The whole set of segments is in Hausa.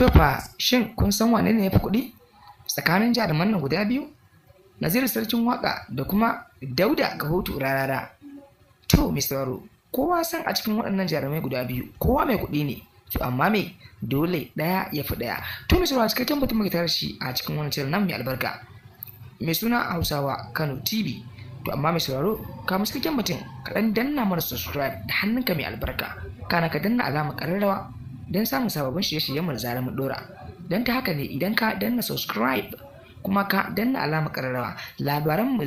to fa shin kun san wane ne ya fi kuɗi tsakanin jaruman nan guda biyu naziru sarkin waka da kuma dauda ga hutu rarara to misaro kowa san a cikin waɗannan jarumai guda biyu kowa mai kuɗi ne to amma me dole ɗaya ya fi ɗaya to misaro a cikakken mutum mai tara shi a cikin wani cire nan mai albarka mai suna hausawa kano tv to amma mai sauraro ka mu cikakken mutum ka dan danna mana subscribe da hannunka mai albarka kana ka danna alama ƙararrawa don samun sababbin shirye-shiryenmu da zarar mu dora don ta haka ne idan ka danna subscribe kuma ka danna alama kararrawa labaran mu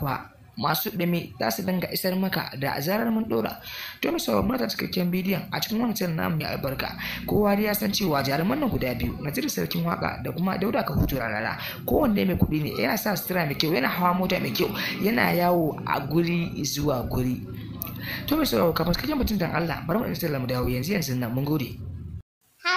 fa masu ɗumi za su dinga isar maka da zarar mun dora to mu sababbin cikakken bidiyon a cikin wani channel namu mai albarka kowa ya san cewa jaruman nan guda biyu na Najeriya sarkin waka da kuma Dauda ka hutu rana kowanne mai kuɗi ne yana sa sutura mai kyau yana hawa mota mai kyau yana yawo a guri zuwa guri to mai sauraro kafin cikakken mutum dan Allah bari mu installam dawo yanzu yanzu nan mun gode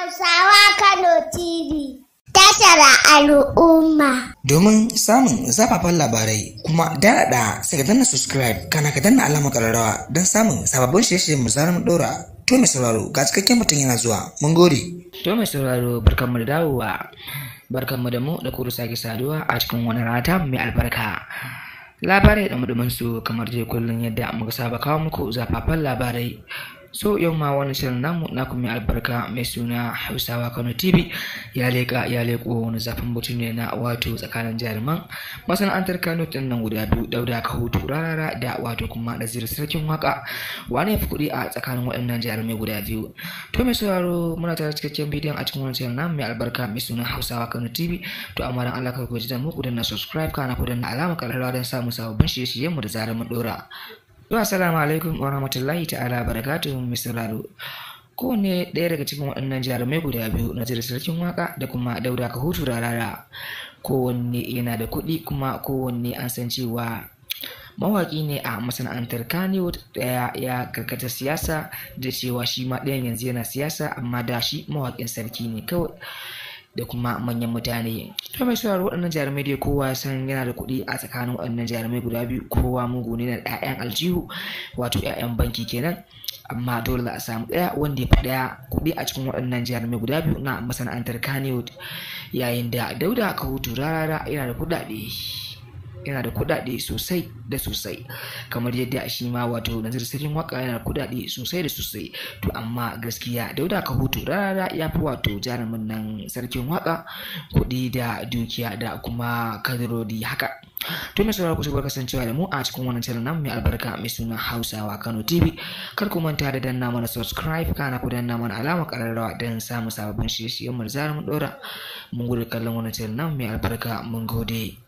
Hausawa Kano TV. Tashar al'umma. Domin samun zafafan labarai kuma daɗaɗa sai ka danna subscribe kana ka danna alama ƙararrawa don samun sababbin shirye-shiryen mu zarar ɗora. To mai sauraro ga cikakken mutum yana zuwa mun gode. To mai sauraro barkanmu da dawowa barkanmu da mu da kuru sake saduwa a cikin wani rata mai albarka. Labarai da mudumin su kamar je kullum yadda muka saba kawo muku zafafan labarai so yau ma wani shirin namu na kuma albarka mai suna hausawa kano tv ya leka ya leko wani zafin mutum ne na wato tsakanin jaruman masana'antar kano tun nan guda biyu dauda ka hutu rarara da wato kuma nazir sarkin waka wani ya fi kuɗi a tsakanin waɗannan jarumai guda biyu to mai sauraro muna tare cikakken bidiyon a cikin wani shirin namu mai albarka mai suna hausawa kano tv to amma dan Allah ka ku ji da mu ku danna subscribe kana ku danna alama kararrawa don samun sababbin shirye-shiryen mu da zarar mu dora Zuwa salamu alaikum wa rahmatullahi ta'ala barakatuhu mai sauraro. Kowanne ɗaya daga cikin waɗannan jarumai guda biyu na jirgin sarkin waka da kuma dauda ka hutu rarara. Kowanne yana da kuɗi kuma kowanne an san cewa mawaƙi ne a masana'antar Kannywood ɗaya ya karkata siyasa da cewa shi ma ɗayan yanzu yana siyasa amma da shi mawaƙin sarki ne kawai. da kuma manyan mutane to mai sauraro waɗannan jarumai dai kowa san yana da kuɗi a tsakanin waɗannan jarumai guda biyu kowa mugu ne na ɗayan aljihu wato 'ya'yan banki kenan amma dole za a samu ɗaya wanda ya fi ɗaya kuɗi a cikin waɗannan jarumai guda biyu na masana'antar kaniwood yayin da dauda hutu turarara yana da kuɗaɗe yana da kuɗaɗe sosai da sosai kamar yadda shi ma wato nazir sirrin waka yana da kuɗaɗe sosai da sosai to amma gaskiya dauda hutu rarara ya fi wato jarumin nan sarkin waka kuɗi da dukiya da kuma kadirodi haka to mai sauraro kusa kasancewa da mu a cikin wannan channel namu mai albarka mai suna Hausawa Kano TV kar ku manta da danna mana subscribe kana ku danna mana alama kararrawa don samun sababbin shirye-shiryen mu da zarar mun dora mun gode kallon wannan channel namu mai albarka mun gode